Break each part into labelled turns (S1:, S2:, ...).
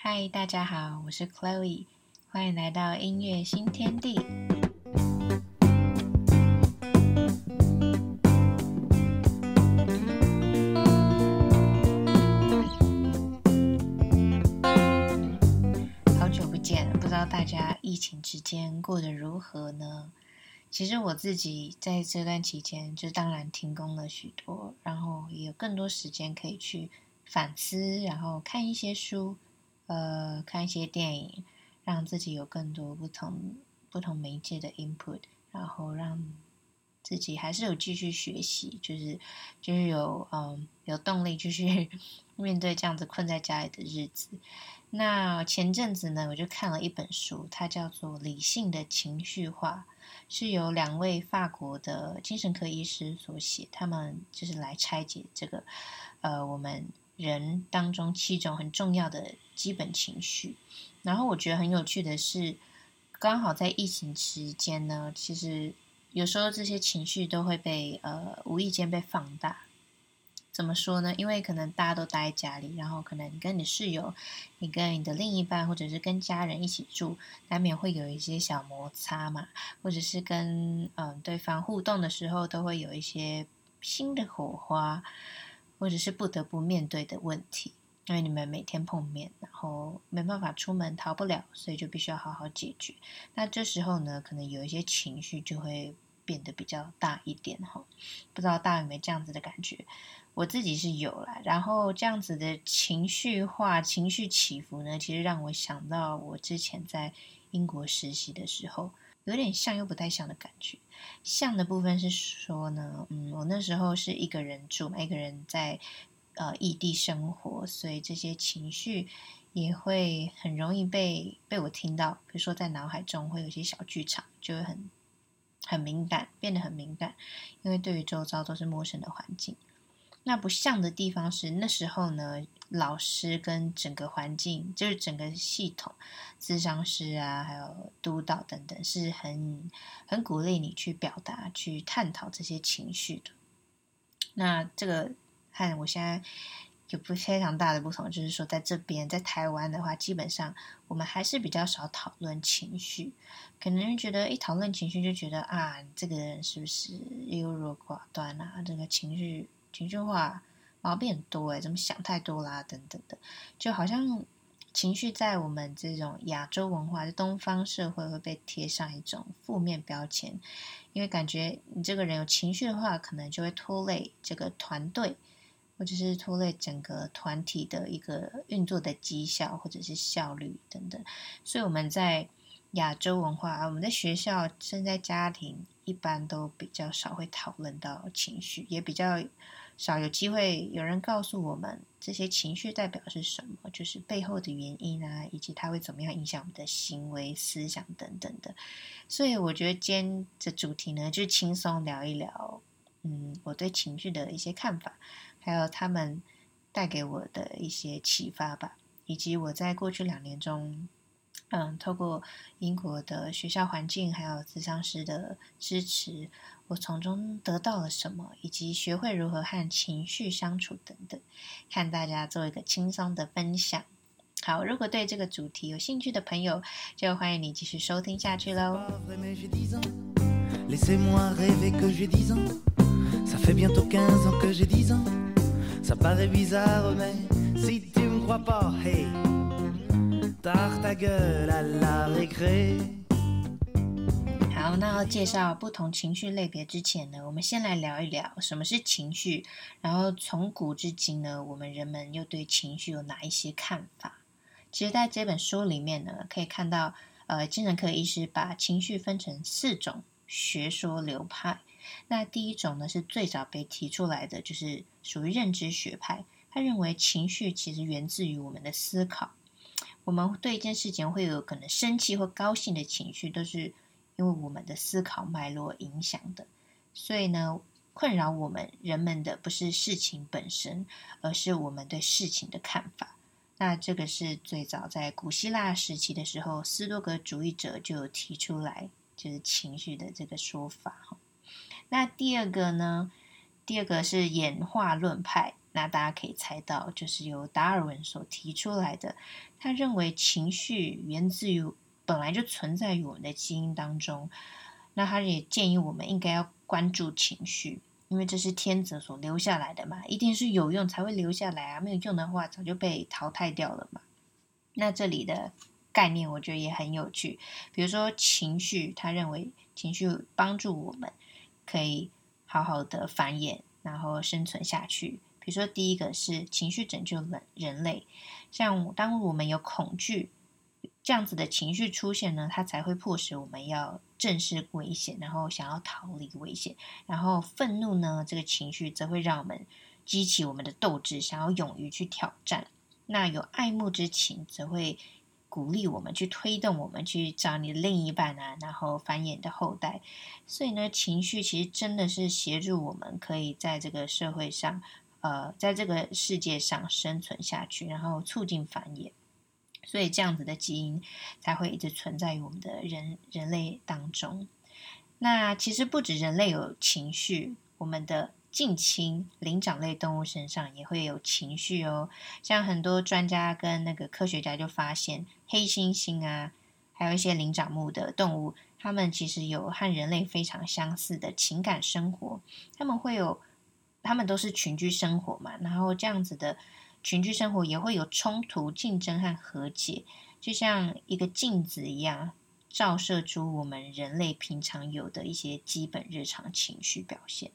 S1: 嗨，大家好，我是 Chloe，歡迎來到音樂新天地。好久不見，不知道大家疫情期間過得如何呢？其實我自己在這段期間，就當然停工了許多，然後也有更多時間可以去反思，然後看一些書。呃，看一些電影，讓自己有更多不同不同媒介的 input，然後讓自己還是有繼續學習，就是就是有嗯、呃、有動力繼續 面對這樣子困在家裡的日子。那前陣子呢，我就看了一本書，它叫做《理性的情緒化》，是由兩位法國的精神科醫師所寫，他們就是來拆解這個呃我們。人當中七種很重要的基本情緒，然後我覺得很有趣的是，剛好在疫情期間呢，其實有時候這些情緒都會被呃無意間被放大。怎麼說呢？因為可能大家都待在家裡，然後可能跟你室友、你跟你的另一半或者是跟家人一起住，難免會有一些小摩擦嘛，或者是跟嗯、呃、對方互動的時候都會有一些新的火花。或者是不得不面對的問題，因為你們每天碰面，然後沒辦法出門逃不了，所以就必須要好好解決。那這時候呢，可能有一些情緒就會變得比較大一點哈。不知道大家有沒有這樣子的感覺，我自己是有啦。然後這樣子的情緒化、情緒起伏呢，其實讓我想到我之前在英國實習的時候。有點像又不太像的感覺，像的部分是說呢，嗯，我那時候是一個人住，一個人在呃異地生活，所以這些情緒也會很容易被被我聽到，比如說在腦海中會有一些小劇場，就會很很敏感，變得很敏感，因為對於周遭都是陌生的環境。那不像的地方是，那時候呢，老師跟整個環境，就是整個系統，諮商師啊，還有督導等等，是很很鼓勵你去表達、去探討這些情緒的。那這個和我現在有不非常大的不同，就是說，在這邊，在台灣的話，基本上我們還是比較少討論情緒，可能覺得一討論情緒就覺得啊，這個人是不是優柔寡斷啊？這個情緒。情緒化，毛病很多誒，怎麼想太多啦等等的，就好像情緒在我們這種亞洲文化，就東方社會會被貼上一種負面標籤，因為感覺你這個人有情緒的話，可能就會拖累這個團隊，或者是拖累整個團體的一個運作的績效或者是效率等等，所以我們在。亞洲文化啊，我們在學校、現在家庭，一般都比較少會討論到情緒，也比較少有機會有人告訴我們這些情緒代表是什麼，就是背後的原因啊，以及它會怎麼樣影響我們的行為、思想等等的。所以我覺得今天的主題呢，就輕鬆聊一聊，嗯，我對情緒的一些看法，還有他們帶給我的一些啟發吧，以及我在過去兩年中。嗯，透過英國的學校環境，還有諮商師的支持，我從中得到了什麼，以及學會如何和情緒相處等等，看大家做一個輕鬆的分享。好，如果對這個主題有興趣的朋友，就歡迎你繼續收聽下去嘍。 好，那要介紹不同情緒類別之前呢，我們先來聊一聊什麼是情緒。然後從古至今呢，我們人們又對情緒有哪一些看法？其實，在這本書裡面呢，可以看到，呃，精神科醫師把情緒分成四種學說流派。那第一種呢，是最早被提出來的，就是屬於認知學派。他認為情緒其實源自於我們的思考。我們對一件事情會有可能生氣或高興的情緒，都是因為我們的思考脈絡影響的。所以呢，困擾我們人們的不是事情本身，而是我們對事情的看法。那這個是最早在古希臘時期的時候，斯多葛主義者就提出來，就是情緒的這個說法哈。那第二個呢，第二個是演化論派。那大家可以猜到，就是由達爾文所提出來的。他認為情緒源自於本來就存在於我們的基因當中。那他也建議我們應該要關注情緒，因為這是天擇所留下來的嘛，一定是有用才會留下來啊，沒有用的話早就被淘汰掉了嘛。那這裡的概念我覺得也很有趣，比如說情緒，他認為情緒幫助我們可以好好的繁衍，然後生存下去。比如說，第一個是情緒拯救人人類，像當我們有恐懼這樣子的情緒出現呢，它才會迫使我們要正視危險，然後想要逃離危險。然後憤怒呢，這個情緒則會讓我們激起我們的鬥志，想要勇於去挑戰。那有愛慕之情，則會鼓勵我們去推動我們去找你的另一半啊，然後繁衍的後代。所以呢，情緒其實真的是協助我們可以在這個社會上。呃，在這個世界上生存下去，然後促進繁衍，所以這樣子的基因才會一直存在於我們的人人類當中。那其實不止人類有情緒，我們的近親靈長類動物身上也會有情緒哦。像很多專家跟那個科學家就發現，黑猩猩啊，還有一些靈長目的動物，它們其實有和人類非常相似的情感生活，它們會有。他們都是群居生活嘛，然後這樣子的群居生活也會有衝突、競爭和和解，就像一個鏡子一樣，照射出我們人類平常有的一些基本日常情緒表現。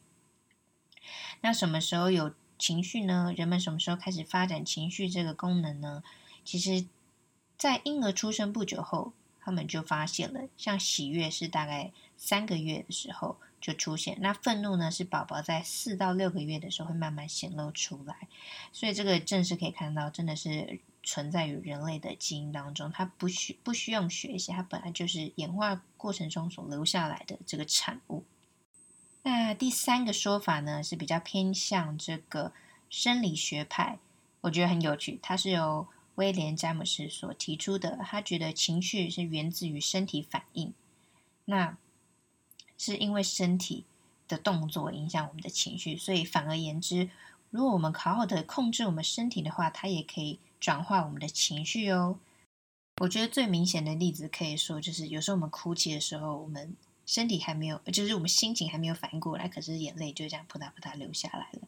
S1: 那什麼時候有情緒呢？人們什麼時候開始發展情緒這個功能呢？其實，在嬰兒出生不久後，他們就發現了，像喜悅是大概三個月的時候。就出現，那憤怒呢？是寶寶在四到六個月的時候會慢慢顯露出來，所以這個正是可以看到，真的是存在於人類的基因當中。它不需不需要學習，它本來就是演化過程中所留下來的這個產物。那第三個說法呢，是比較偏向這個生理學派，我覺得很有趣。它是由威廉·詹姆斯所提出的，他覺得情緒是源自於身體反應。那是因為身體的動作影響我們的情緒，所以反而言之，如果我們好好的控制我們身體的話，它也可以轉化我們的情緒哦。我覺得最明顯的例子可以說就是，有時候我們哭泣的時候，我們身體還沒有，就是我們心情還沒有反應過來，可是眼淚就這樣撲嗒撲嗒流下來了。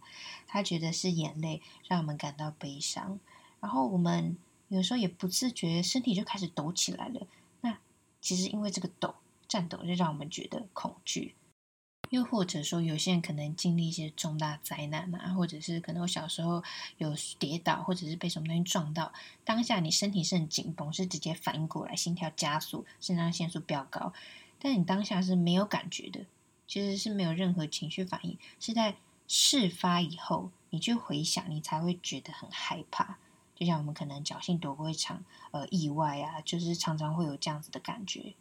S1: 他覺得是眼淚讓我們感到悲傷，然後我們有時候也不自覺，身體就開始抖起來了。那其實因為這個抖。顫抖就讓我們覺得恐懼，又或者說，有些人可能經歷一些重大災難啊，或者是可能我小時候有跌倒，或者是被什麼東西撞到，當下你身體是很緊繃，是直接反應過來，心跳加速，腎上腺素飆高，但你當下是沒有感覺的，其實是沒有任何情緒反應，是在事發以後你去回想，你才會覺得很害怕。就像我們可能僥倖躲過一場呃意外啊，就是常常會有這樣子的感覺。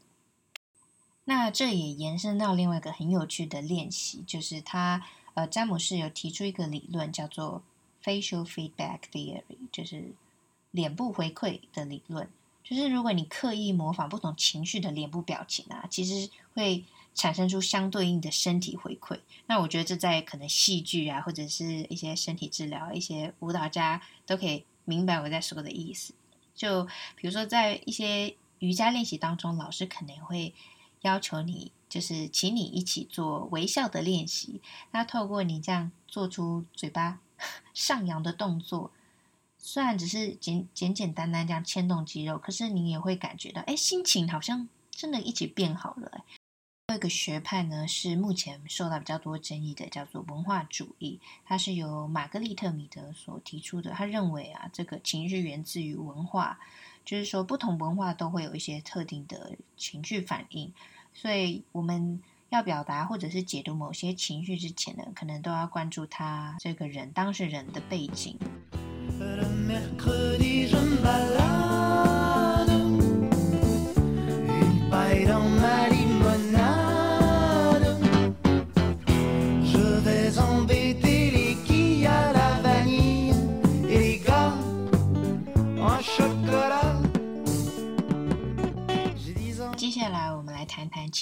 S1: 那這也延伸到另外一個很有趣的練習，就是他呃，詹姆士有提出一個理論叫做 “facial feedback theory”，就是臉部回饋的理論。就是如果你刻意模仿不同情緒的臉部表情啊，其實會產生出相對應的身體回饋。那我覺得這在可能戲劇啊，或者是一些身體治療、一些舞蹈家都可以明白我在說的意思。就比如說在一些瑜伽練習當中，老師肯定會。要求你，就是請你一起做微笑的練習。那透過你這樣做出嘴巴上揚的動作，雖然只是簡簡簡單單這樣牽動肌肉，可是你也會感覺到，哎，心情好像真的一起變好了誒。這個學派呢，是目前受到比較多爭議的，叫做文化主義，它是由瑪格麗特·米德所提出的。他認為啊，這個情緒源自於文化，就是說不同文化都會有一些特定的情緒反應。所以，我們要表達或者是解讀某些情緒之前呢，可能都要關注他這個人，當事人的背景。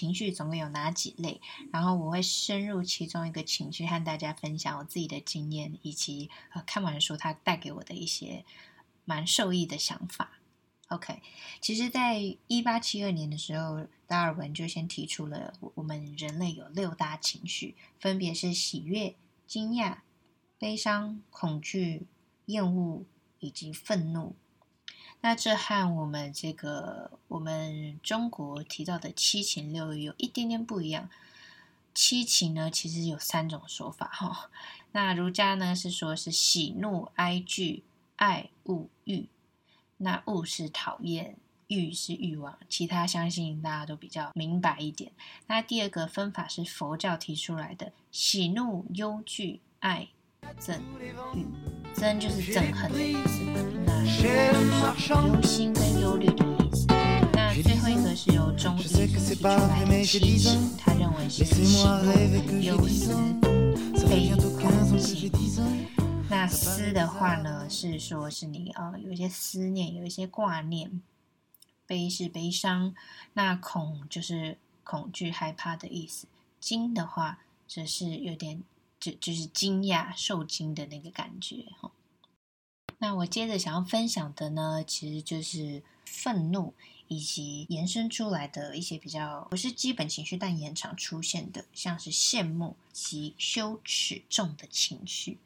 S1: 情緒總共有哪幾類？然後我會深入其中一個情緒，和大家分享我自己的經驗，以及、呃、看完書它帶給我的一些蠻受益的想法。OK，其實，在一八七二年的時候，達爾文就先提出了我們人類有六大情緒，分別是喜悅、驚訝、悲傷、恐懼、厭惡以及憤怒。那這和我們這個我們中國提到的七情六欲有一點點不一樣。七情呢，其實有三種說法哈、哦。那儒家呢是說是喜怒哀懼愛惡欲。那惡是討厭，欲是欲望，其他相信大家都比較明白一點。那第二個分法是佛教提出來的，喜怒憂懼愛憎欲，憎就是憎恨的意思。憂心跟憂慮的意思。那最後一個是由中醫提出來的七情，他認為是喜怒憂思悲恐驚。那思的話呢，是說是你啊、呃、有一些思念，有一些掛念。悲是悲傷，那恐就是恐懼害怕的意思。驚的話，只是有點就就是驚訝、受驚的那個感覺。那我接着想要分享的呢，其實就是憤怒以及延伸出來的一些比較不是基本情緒，但延長出現的，像是羨慕及羞恥重的情緒。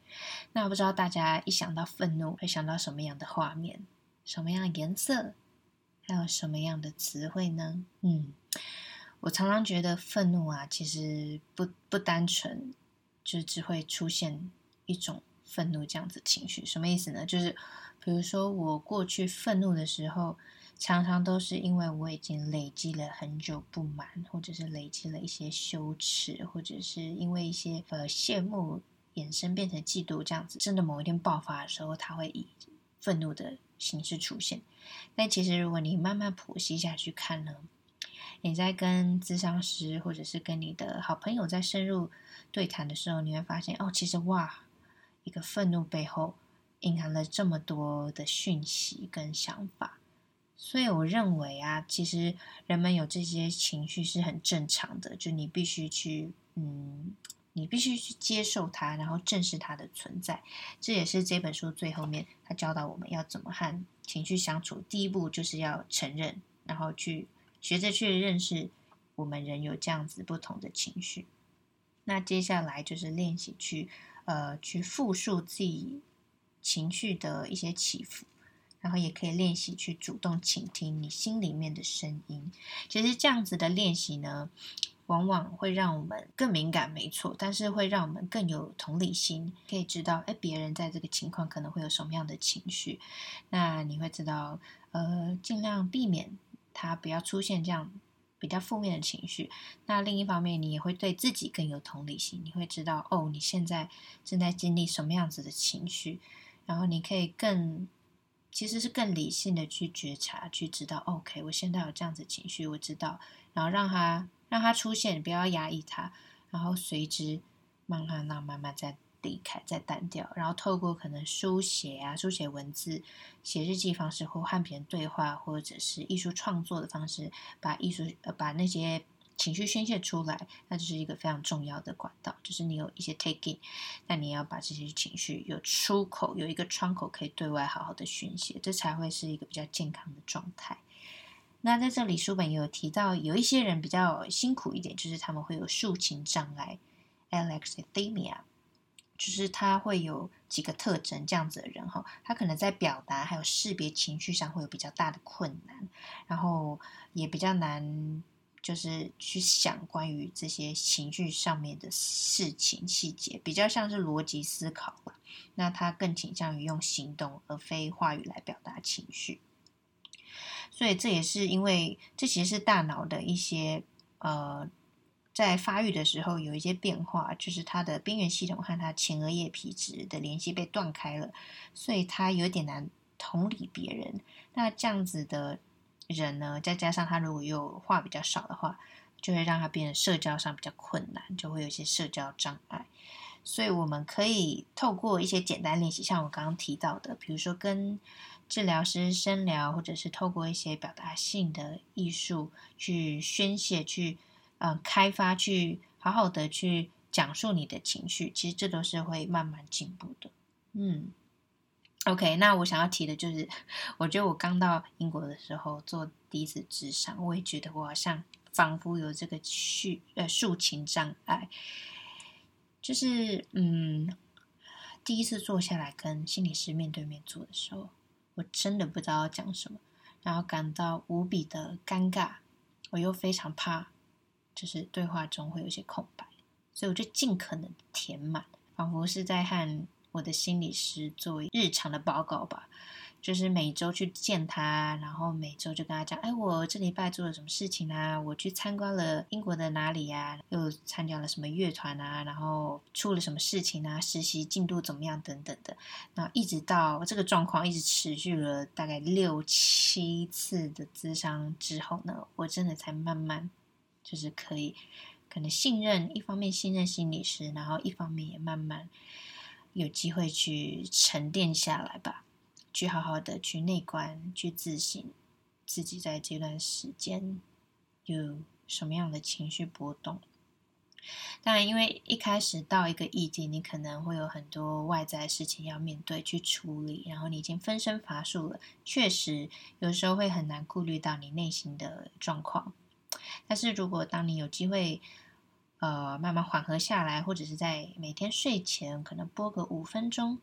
S1: 那我不知道大家一想到憤怒會想到什麼樣的畫面、什麼樣的顏色，還有什麼樣的詞彙呢？嗯，我常常覺得憤怒啊，其實不不單純，就是、只會出現一種。憤怒這樣子的情緒什麼意思呢？就是，比如說我過去憤怒的時候，常常都是因為我已經累積了很久不滿，或者是累積了一些羞恥，或者是因為一些呃羨慕，衍生變成嫉妒這樣子，真的某一天爆發的時候，它會以憤怒的形式出現。但其實如果你慢慢剖析下去看呢，你在跟諮商師或者是跟你的好朋友在深入對談的時候，你會發現哦，其實哇。一個憤怒背後，隱含了這麼多的訊息跟想法，所以我認為啊，其實人們有這些情緒是很正常的。就你必須去，嗯，你必須去接受它，然後正視它的存在。這也是這本書最後面他教導我們要怎麼和情緒相處。第一步就是要承認，然後去學着去認識我們人有這樣子不同的情緒。那接下來就是練習去。呃，去複述自己情緒的一些起伏，然後也可以練習去主動傾聽你心裡面的聲音。其實這樣子的練習呢，往往會讓我們更敏感，沒錯，但是會讓我們更有同理心，可以知道，哎，別人在這個情況可能會有什麼樣的情緒。那你會知道，呃，盡量避免他不要出現這樣。比較負面的情緒，那另一方面你也會對自己更有同理心，你會知道哦，你現在正在經歷什麼樣子的情緒，然後你可以更，其實是更理性的去覺察，去知道，OK，我現在有這樣子的情緒，我知道，然後讓它讓它出現，不要壓抑它，然後隨之慢慢慢慢慢再，離開，再淡掉，然後透過可能書寫啊，書寫文字、寫日記方式，或和別人對話，或者是藝術創作的方式，把藝術呃把那些情緒宣洩出來，那就是一個非常重要的管道。就是你有一些 take in，那你要把這些情緒有出口，有一個窗口可以對外好好的宣洩，這才會是一個比較健康的狀態。那在這裡書本也有提到，有一些人比較辛苦一點，就是他們會有抒情障礙 Alexithymia 就是他會有幾個特徵這樣子的人哈，他可能在表達還有識別情緒上會有比較大的困難，然後也比較難，就是去想關於這些情緒上面的事情細節，比較像是邏輯思考吧。那他更傾向於用行動而非話語來表達情緒，所以這也是因為這其實是大腦的一些呃。在發育的時候有一些變化，就是他的邊緣系統和他前額葉皮質的聯繫被斷開了，所以他有點難同理別人。那這樣子的人呢，再加上他如果有話比較少的話，就會讓他變成社交上比較困難，就會有一些社交障礙。所以我們可以透過一些簡單練習，像我剛剛提到的，比如說跟治療師深聊，或者是透過一些表達性的藝術去宣洩，去。嗯，開發去好好的去講述你的情緒，其實這都是會慢慢進步的。嗯，OK，那我想要提的就是，我覺得我剛到英國的時候做第一次諮商，我也覺得我好像仿佛有這個去呃述情障礙，就是嗯，第一次坐下來跟心理師面對面坐的時候，我真的不知道要講什麼，然後感到無比的尷尬，我又非常怕。就是對話中會有一些空白，所以我就盡可能填滿，仿佛是在和我的心理師作為日常的報告吧。就是每周去見他，然後每周就跟他講：“哎，我這禮拜做了什麼事情啊？我去參觀了英國的哪裡呀、啊？又參加了什麼樂團啊？然後出了什麼事情啊？實習進度怎麼樣？等等的。”那一直到這個狀況一直持續了大概六七次的諮商之後呢，我真的才慢慢。就是可以，可能信任，一方面信任心理師，然後一方面也慢慢有機會去沉澱下來吧，去好好的去內觀，去自省。自己在這段時間有什麼樣的情緒波動。當然，因為一開始到一個異地，你可能會有很多外在事情要面對，去處理，然後你已經分身乏術了，確實有時候會很難顧慮到你內心的狀況。但是如果當你有機會，呃，慢慢緩和下來，或者是在每天睡前，可能播個五分鐘，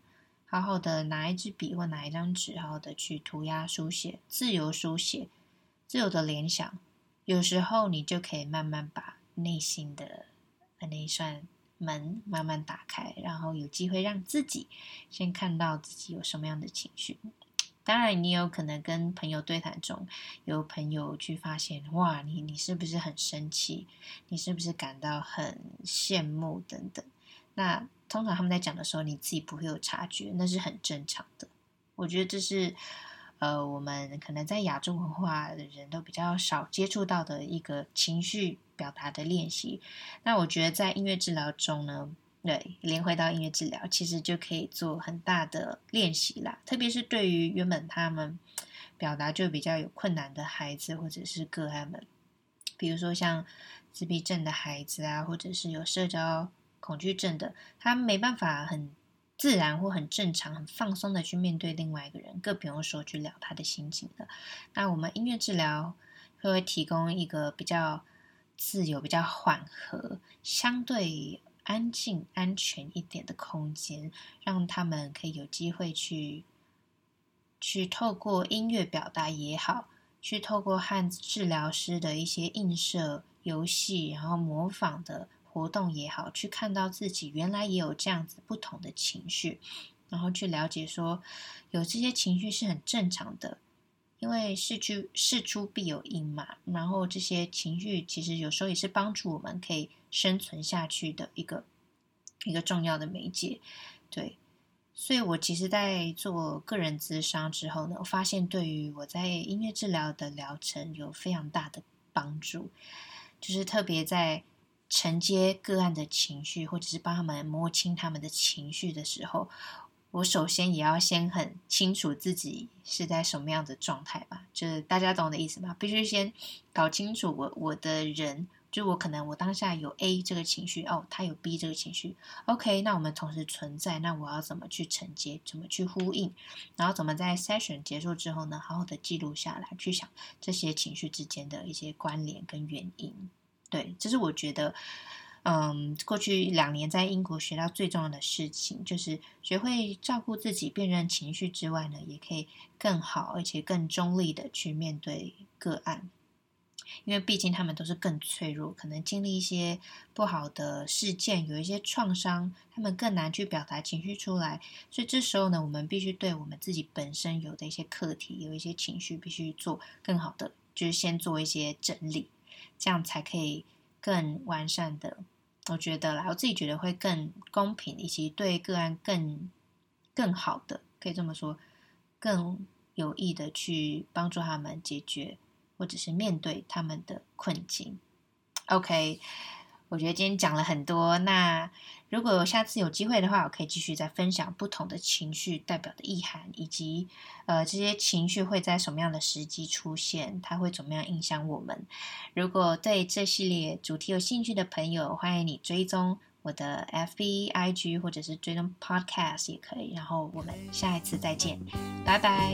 S1: 好好的拿一支筆或拿一張紙，好好的去塗鴉、書寫、自由書寫、自由的聯想，有時候你就可以慢慢把內心的那一扇門慢慢打開，然後有機會讓自己先看到自己有什麼樣的情緒。當然，你有可能跟朋友對談中，有朋友去發現，哇，你你是不是很生氣？你是不是感到很羨慕？等等。那通常他們在講的時候，你自己不會有察覺，那是很正常的。我覺得這是，呃，我們可能在亞洲文化的人都比較少接觸到的一個情緒表達的練習。那我覺得在音樂治療中呢，對，連回到音樂治療，其實就可以做很大的練習啦。特別是對於原本他們表達就比較有困難的孩子或者是個案們，比如說像自閉症的孩子啊，或者是有社交恐懼症的，他沒辦法很自然或很正常、很放鬆的去面對另外一個人，更不用說去聊他的心情了。那我們音樂治療會，會提供一個比較自由、比較緩和、相對。安靜、安全一點的空間，讓他們可以有機會去去透過音樂表達也好，去透過和治療師的一些映射遊戲，然後模仿的活動也好，去看到自己原來也有這樣子不同的情緒，然後去了解說有這些情緒是很正常的，因為事出事出必有因嘛。然後這些情緒其實有時候也是幫助我們可以。生存下去的一個一個重要的媒介，對，所以我其實，在做個人諮商之後呢，我發現對於我在音樂治療的療程有非常大的幫助，就是特別在承接個案的情緒，或者是幫他們摸清他們的情緒的時候，我首先也要先很清楚自己是在什麼樣的狀態吧，就是大家懂我的意思吧？必須先搞清楚我我的人。就我可能我當下有 A 這個情緒哦，他有 B 這個情緒，OK，那我們同時存在，那我要怎麼去承接，怎麼去呼應，然後怎麼在 session 結束之後呢，好好的記錄下來，去想這些情緒之間的一些關聯跟原因。對，這是我覺得，嗯，過去兩年在英國學到最重要的事情，就是學會照顧自己、辨認情緒之外呢，也可以更好而且更中立的去面對個案。因為畢竟他們都是更脆弱，可能經歷一些不好的事件，有一些創傷，他們更難去表達情緒出來。所以這時候呢，我們必須對我們自己本身有的一些課題、有一些情緒，必須做更好的，就是先做一些整理，這樣才可以更完善的。我覺得啦，我自己覺得會更公平，以及對個案更更好的，可以這麼說，更有益的去幫助他們解決。或者是面對他們的困境。OK，我覺得今天講了很多。那如果下次有機會的話，我可以繼續再分享不同的情緒代表的意涵，以及呃這些情緒會在什麼樣的時機出現，它會怎麼樣影響我們。如果對這系列主題有興趣的朋友，歡迎你追蹤我的 FB IG，或者是追蹤 Podcast 也可以。然後我們下一次再見，拜拜。